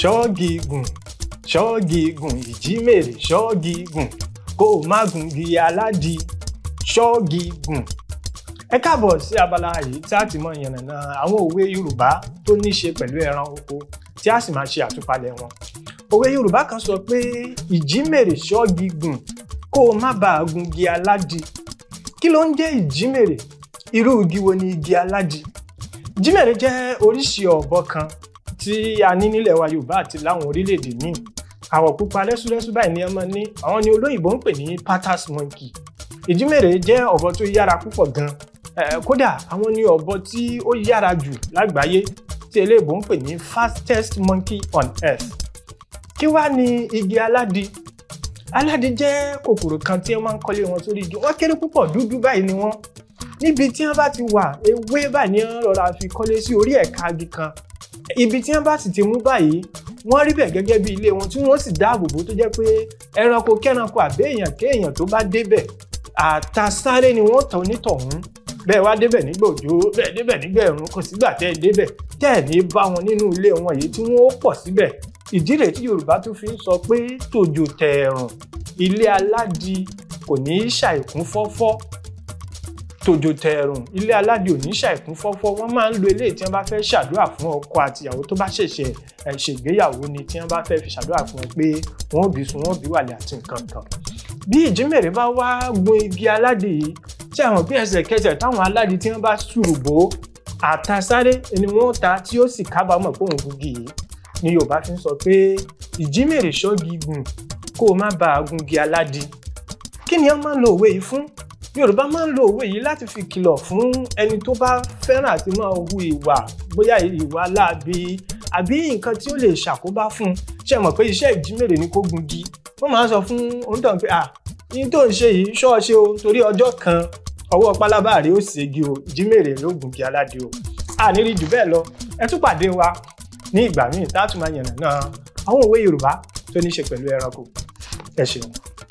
ṣọ́ọ̀gì gùn ṣọ́ọ̀gì gùn ìjímèrè ṣọ́ọ̀gì gùn kó o má gùn gi aládìí ṣọ́ọ̀gì gùn. ẹ káàbọ̀ sí abala yìí tí a ti mọ ìyànnàná àwọn òwe yorùbá tó ní í ṣe pẹ̀lú ẹran oko tí a sì máa ṣe àtúpalẹ̀ wọn. òwe yorùbá kan sọ pé ìjímèrè ṣọ́ọ̀gì gùn kó o má bàa gun gi aládìí. kí ló ń jẹ́ ìjímèrè irú igi wo ni igi aládìí? jímèrè jẹ́ oríṣi ọ̀bọ kan tí a ní nílẹ̀ wa Yorùbá àti láwọn orílẹ̀-èdè míì àwọ̀ pupa lẹ́súlẹ́sú báyìí ni ọmọ ní àwọn ni olóyìnbó ń pè ní patas monkey ìjímèrè jẹ́ ọ̀bọ tó yára púpọ̀ gan kódà àwọn ni ọ̀bọ tí ó yára jù lágbàáyé tí eléèbó ń pè ní fastest monkey on earth kí wá ni igi aládi aládi jẹ́ kòkòrò kan tí wọ́n máa ń kọ́lé wọn sórí igi wọ́n kéré púpọ̀ dúdú báyìí ni wọ́n níbi tí wọ́n bá ti wà ewé báyìí ni wọ́n rọra fi kọ́lé sí orí ẹ̀ka agi kan ibi tí wọ́n bá sì ti mú báyìí wọ́n rí bẹ̀ gẹ́gẹ́ bí ilé wọn tí wọ́n sì dáàbò bò tó jẹ́ pé ẹranko kẹ́ranko àbẹ́ èèyàn kéèyàn tó bá débẹ̀ àtasáré ni wọ́n tàn onítọ̀hún bẹ́ẹ̀ wá débẹ̀ nígbà òjò bẹ́ẹ̀ débẹ̀ nígbà ẹ̀rùn kò sígbà tẹ́ ẹ débẹ̀ tẹ́ ẹ̀ ní bá wọn nínú ilé wọn yìí tí wọ́n ó pọ̀ síbẹ̀ ìdí rèé tí Yorùbá tún fi ń sọ pé tòjò tẹ̀ẹ̀rùn ilé aládìí kò ní í ṣàìkún fọ́fọ́ tòjò tẹ̀rùn ilé aládé ò ní ṣàìkún fọ́fọ́ wọ́n máa ń lo eléyìí tí wọ́n bá fẹ́ ṣàdúrà fún ọkọ àtìyàwó tó bá ṣẹ̀ṣẹ̀ ṣègbéyàwó ni tí wọ́n bá fẹ́ fi ṣàdúrà fún wọn pé wọ́n bí sun wọ́n bí wàlẹ̀ àti nǹkan kan. bí ìjímèrè bá wá gun igi aládé yìí tí àwọn bí ẹsẹ̀ kẹsẹ̀ táwọn aládé tí wọ́n bá ṣùrùbó àtasáré ni wọ́n ta tí ó sì kábàámọ̀ pé òun gungi yìí ni Yorùbá fi ń sọ pé ìjímèrè ṣọ́gi gùn kó o má bàa gungi aládé kí ni wọ́n máa ń lo òwe yorùbá máa ń lo òwe yìí láti fi kìlọ̀ fún ẹni tó bá fẹ́ràn àti máa hu ìwà bóyá ìwà láabi àbí nǹkan tí ó lè ṣàkóbá fún un ṣe mọ̀ pé iṣẹ́ ìjímèrè ni kó gungi wọ́n máa ń sọ fún onídàn pé ah yín tó ń ṣe yìí ṣọ́ọ̀ṣe o torí ọjọ́ kan ọwọ́ pálábá rèé ó ṣègi o ìjímèrè ló gungi aládé o àníri jù bẹ́ẹ̀ lọ ẹ tún pàdé wa ní ìgbà míì tá a tún máa yànnà náà àwọn òwe yorùbá tó ní ṣe pẹ̀lú ẹranko ẹ